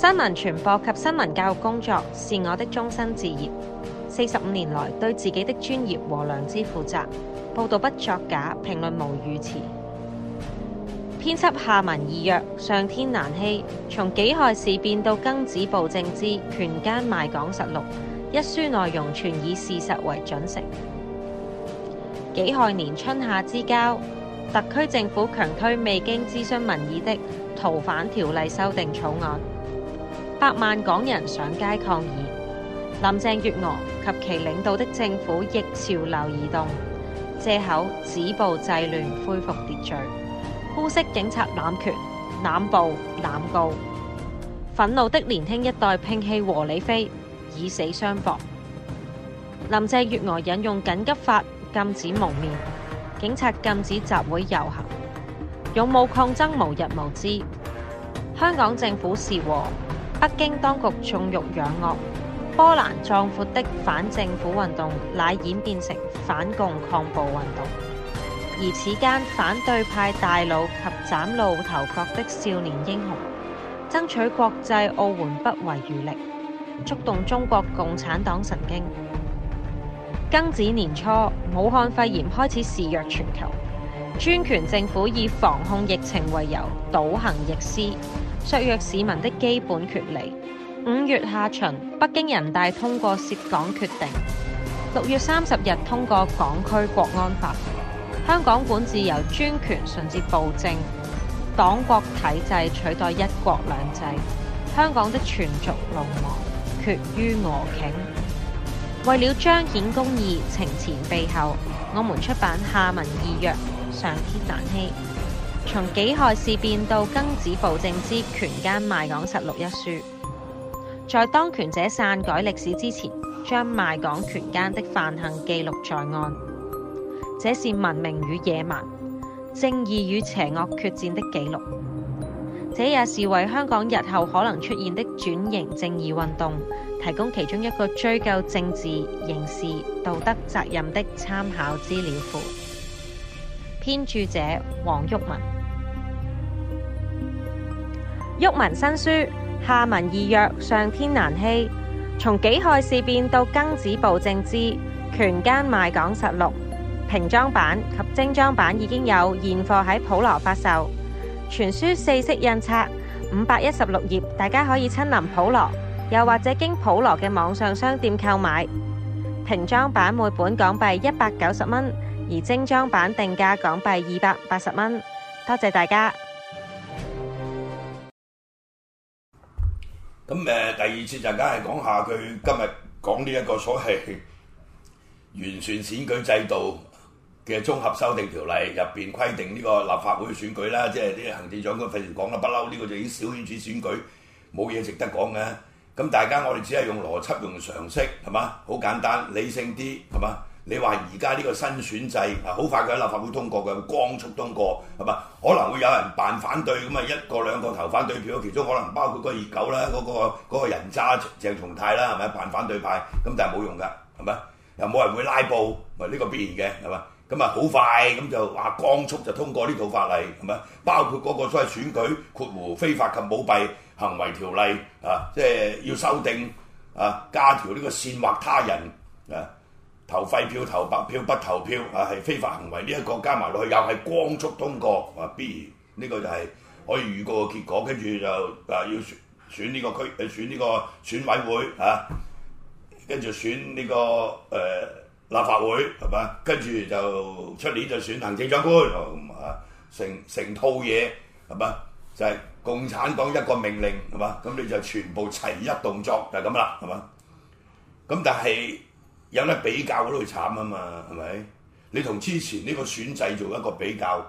新聞傳播及新聞教育工作是我的終身志業。四十五年來，對自己的專業和良知負責，報道不作假，評論無語詞。編輯下文意約，上天難欺。從《己亥事變》到《庚子暴政》之《權奸賣港實錄》，一書內容全以事實為準繩。己亥年春夏之交，特區政府強推未經諮詢民意的《逃犯條例》修訂草案。百萬港人上街抗議，林鄭月娥及其領導的政府逆潮流而動，借口止暴制亂恢復秩，秩序，污衊警察濫權、濫暴、濫告。憤怒的年輕一代摒棄和理非，以死相搏。林鄭月娥引用緊急法禁止蒙面，警察禁止集會遊行，勇武抗爭無日無之。香港政府是和。北京當局縱欲養惡，波瀾壯闊的反政府運動乃演變成反共抗暴運動，而此間反對派大佬及嶄露頭角的少年英雄，爭取國際奧援不遺餘力，觸動中國共產黨神經。庚子年初，武漢肺炎開始肆虐全球，專權政府以防控疫情為由，倒行逆施。削弱市民的基本權利。五月下旬，北京人大通過涉港決定；六月三十日通過港區國安法。香港管治由專權順至暴政，黨國體制取代一國兩制。香港的全族淪亡，決於俄頃。為了彰顯公義，懲前毖後，我們出版下文異約，上天難欺。從己亥事變到庚子暴政之權奸賣港實錄一書，在當權者篡改歷史之前，將賣港權奸的犯行記錄在案，這是文明與野蠻、正義與邪惡決戰的記錄。這也是為香港日後可能出現的轉型正義運動提供其中一個追究政治、刑事、道德責任的參考資料庫。編著者：黃玉文。《毓民新書》，下民易虐，上天難欺。從己亥事變到庚子暴政之權奸賣港實錄，平裝版及精裝版已經有現貨喺普羅發售。全書四色印刷，五百一十六頁，大家可以親臨普羅，又或者經普羅嘅網上商店購買。平裝版每本港幣一百九十蚊，而精裝版定價港幣二百八十蚊。多謝大家。咁誒，第二次就梗係講下佢今日講呢一個所謂完善選舉制度嘅綜合修訂條例，入邊規定呢個立法會選舉啦，即係啲行政長官費事講啦，不嬲呢個就已經小圈子選舉，冇嘢值得講嘅。咁大家，我哋只係用邏輯、用常識，係嘛？好簡單，理性啲，係嘛？你話而家呢個新選制啊，好快佢喺立法會通過嘅，光速通過係咪？可能會有人扮反對咁啊，一個兩個投反對票，其中可能包括個熱狗啦，嗰、那個那個人渣鄭松泰啦，係咪扮反對派？咁但係冇用㗎，係咪？又冇人會拉布，咪、這、呢個必然嘅係咪？咁啊，好快咁就話光速就通過呢套法例，係咪？包括嗰個所謂選舉括弧非法及舞弊行為條例啊，即、就、係、是、要修訂啊，加條呢個煽惑他人啊。投廢票、投白票、不投票啊，係非法行為。呢、這個、一個加埋落去又係光速通過，啊，必然呢、這個就係可以預告個結果。跟住就啊，要選選呢個區，誒選呢個選個委會嚇，跟、啊、住選呢、這個誒、呃、立法會係嘛，跟住就出年就選行政長官啊，成成套嘢係嘛，就係、是、共產黨一個命令係嘛，咁你就全部齊一動作就係咁啦係嘛，咁但係。有得比較，我都會慘啊嘛，係咪？你同之前呢個選制做一個比較，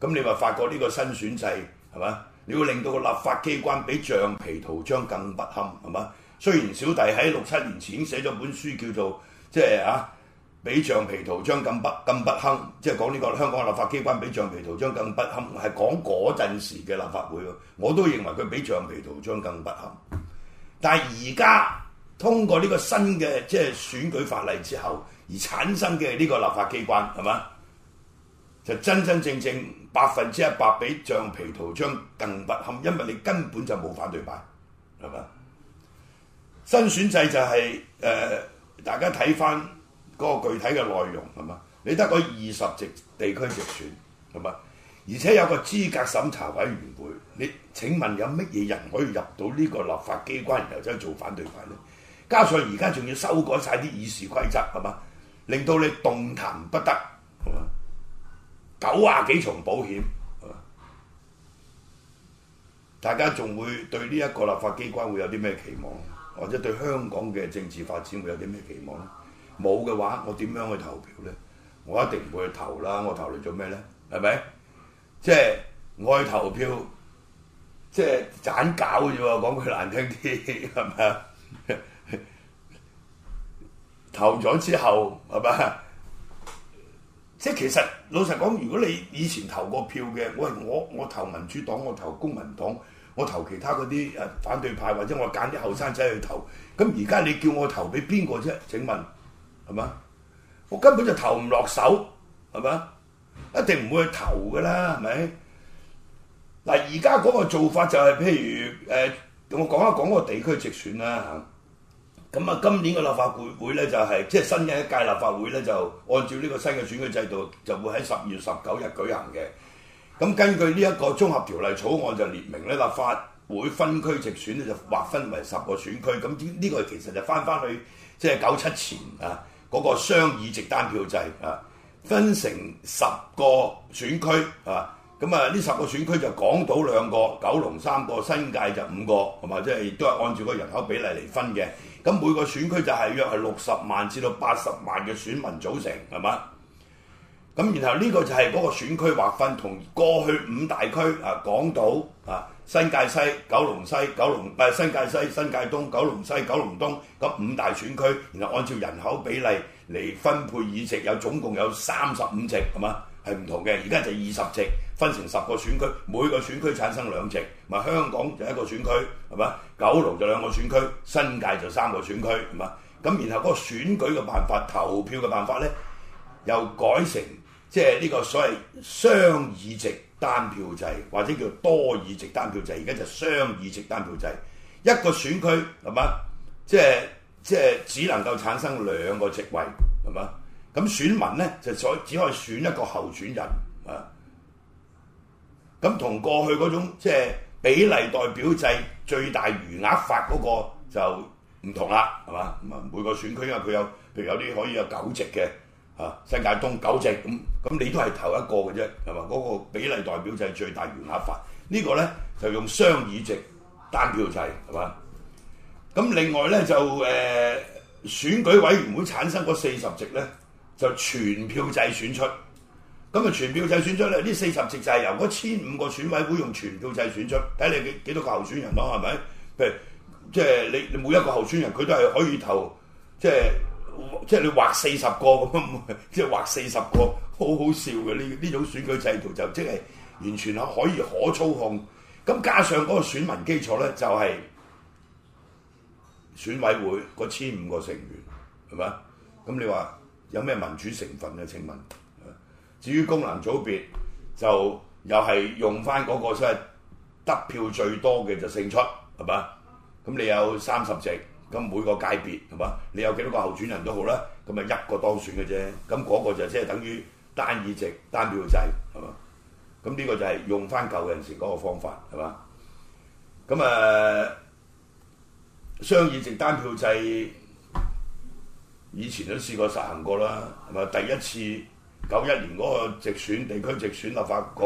咁你話發覺呢個新選制係嘛？你會令到個立法機關比橡皮圖章更不堪係嘛？雖然小弟喺六七年前寫咗本書叫做即係啊，比橡皮圖章更不更不堪，即係講呢個香港立法機關比橡皮圖章更不堪，係講嗰陣時嘅立法會咯。我都認為佢比橡皮圖章更不堪，但係而家。通過呢個新嘅即係選舉法例之後，而產生嘅呢個立法機關係嘛，就真真正正百分之一百比橡皮圖章更不堪，因為你根本就冇反對派係嘛。新選制就係、是、誒、呃，大家睇翻嗰個具體嘅內容係嘛，你得個二十席地區直選係嘛，而且有個資格審查委員會，你請問有乜嘢人可以入到呢個立法機關，然後真係做反對派咧？加上而家仲要修改晒啲議事規則，係嘛？令到你動彈不得，係嘛？九廿幾重保險，係嘛？大家仲會對呢一個立法機關會有啲咩期望，或者對香港嘅政治發展會有啲咩期望咧？冇嘅話，我點樣去投票咧？我一定唔會去投啦！我投嚟做咩咧？係咪？即係我係投票，即係盞搞啫喎！講句難聽啲，係咪啊？投咗之後，係嘛？即係其實老實講，如果你以前投過票嘅，喂，我我投民主黨，我投公民黨，我投其他嗰啲誒反對派，或者我揀啲後生仔去投，咁而家你叫我投俾邊個啫？請問係嘛？我根本就投唔落手，係嘛？一定唔會去投㗎啦，係咪？嗱，而家嗰個做法就係、是、譬如誒，呃，我講一講個地區直選啦嚇。咁啊，今年嘅立法會會咧就係、是、即係新嘅一屆立法會咧，就按照呢個新嘅選舉制度，就會喺十二月十九日舉行嘅。咁根據呢一個綜合條例草案就列明咧，立法會分區直選咧就劃分為十個選區。咁呢個其實就翻翻去即係九七前啊嗰、那個雙議席單票制啊，分成十個選區啊。咁啊，呢十個選區就港島兩個，九龍三個，新界就五個，係嘛？即係都係按照個人口比例嚟分嘅。咁每個選區就係約係六十萬至到八十萬嘅選民組成，係嘛？咁然後呢個就係嗰個選區劃分，同過去五大區啊，港島啊、新界西、九龍西、九龍唔、啊、新界西、新界東、九龍西、九龍東，咁五大選區，然後按照人口比例嚟分配議席，有總共有三十五席，係嘛？係唔同嘅，而家就二十席，分成十個選區，每個選區產生兩席。係香港就一個選區，係咪？九龍就兩個選區，新界就三個選區。係咪？咁然後嗰個選舉嘅辦法、投票嘅辦法咧，又改成即係呢個所謂雙議席單票制，或者叫多議席單票制。而家就雙議席單票制，一個選區係咪？即係即係只能夠產生兩個席位，係咪？咁選民咧就所只可以選一個候選人啊！咁同過去嗰種即係、就是、比例代表制最大餘額法嗰個就唔同啦，係嘛？每個選區啊，因為佢有譬如有啲可以有九席嘅啊，新界東九席咁，咁你都係投一個嘅啫，係嘛？嗰、那個比例代表制最大餘額法、這個、呢個咧就用雙議席單票制，係嘛？咁另外咧就誒、呃、選舉委員會產生嗰四十席咧。就全票制選出，咁啊全票制選出咧，呢四十席就係由嗰千五個選委會用全票制選出，睇你幾幾多個候選人咯，係咪？譬如即係你你每一個候選人佢都係可以投，即係即係你劃四十個咁，即係劃四十個，好 好笑嘅呢呢種選舉制度就即係完全可可以可操控。咁加上嗰個選民基礎咧，就係選委會嗰千五個成員，係咪啊？咁你話？有咩民主成分嘅？請問，至於功能組別就又係用翻嗰個即係得票最多嘅就勝出係嘛？咁你有三十席，咁每個界別係嘛？你有幾多個候選人都好啦，咁咪一個當選嘅啫。咁嗰個就即係等於單議席單票制係嘛？咁呢個就係用翻舊陣時嗰個方法係嘛？咁誒，雙、呃、議席單票制。以前都試過實行過啦，係咪？第一次九一年嗰個直選地區直選立法局，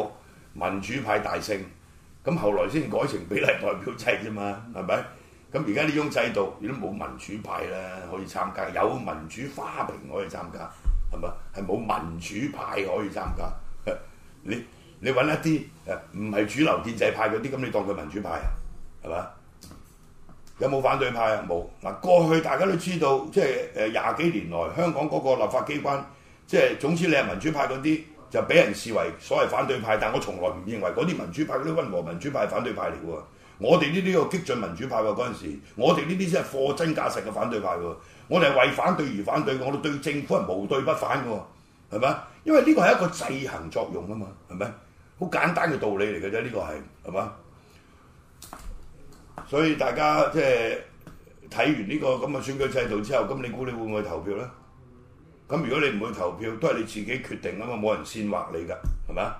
民主派大勝，咁後來先改成比例代表制啫嘛，係咪？咁而家呢種制度，你都冇民主派啦可以參加，有民主花瓶可以參加，係咪？係冇民主派可以參加，你你搵一啲誒唔係主流建制派嗰啲，咁你當佢民主派啊，係咪？有冇反對派啊？冇嗱，過去大家都知道，即係誒廿幾年來香港嗰個立法機關，即係總之你係民主派嗰啲，就俾人視為所謂反對派。但我從來唔認為嗰啲民主派、嗰啲溫和民主派係反對派嚟喎。我哋呢啲叫激進民主派喎。嗰陣時，我哋呢啲先係貨真價實嘅反對派喎。我哋係為反對而反對，我哋對政府係無對不反嘅，係咪？因為呢個係一個制衡作用啊嘛，係咪？好簡單嘅道理嚟嘅啫，呢個係，係咪？所以大家即係睇完呢個咁嘅選舉制度之後，咁你估你會唔會投票咧？咁如果你唔會投票，都係你自己決定啊嘛，冇人煽惑你噶，係咪啊？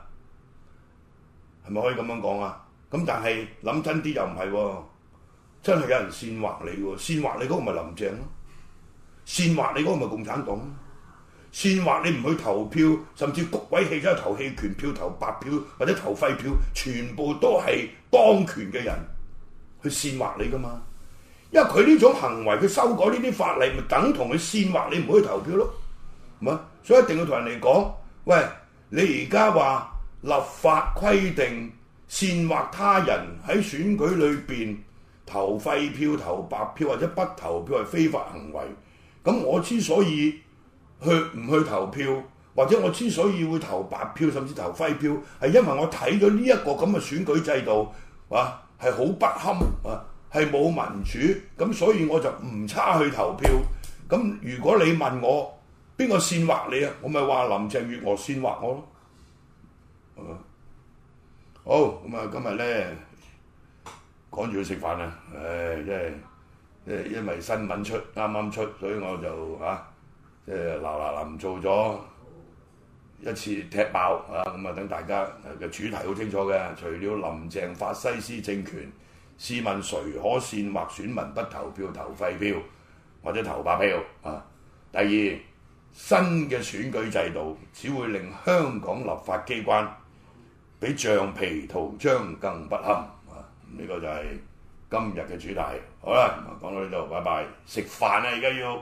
係咪可以咁樣講啊？咁但係諗真啲又唔係喎，真係有人煽惑你喎，煽惑你嗰個咪林鄭咯，煽惑你嗰個咪共產黨咯，煽惑你唔去投票，甚至谷位棄咗投棄權票、投白票或者投廢票，全部都係當權嘅人。去煽惑你噶嘛。因為佢呢種行為，佢修改呢啲法例，咪等同佢煽惑你唔可以投票咯，係嘛？所以一定要同人哋講，喂，你而家話立法規定煽惑他人喺選舉裏邊投廢票、投白票或者不投票係非法行為。咁我之所以去唔去投票，或者我之所以會投白票，甚至投廢票，係因為我睇咗呢一個咁嘅選舉制度，啊？係好不堪啊！係冇民主咁，所以我就唔差去投票。咁如果你問我邊個煽惑你啊，我咪話林鄭月娥煽惑我咯。好咁啊！今日咧趕住去食飯啊！誒、哎，真係誒，因為新聞出啱啱出，所以我就嚇即係嗱嗱臨做咗。一次踢爆啊！咁啊，等大家嘅主題好清楚嘅。除了林鄭法西斯政權，試問誰可煽惑選民不投票、投廢票或者投白票啊？第二，新嘅選舉制度只會令香港立法機關比橡皮圖章更不堪啊！呢個就係今日嘅主題。好啦，講到呢度，拜拜。食飯啊！而家要。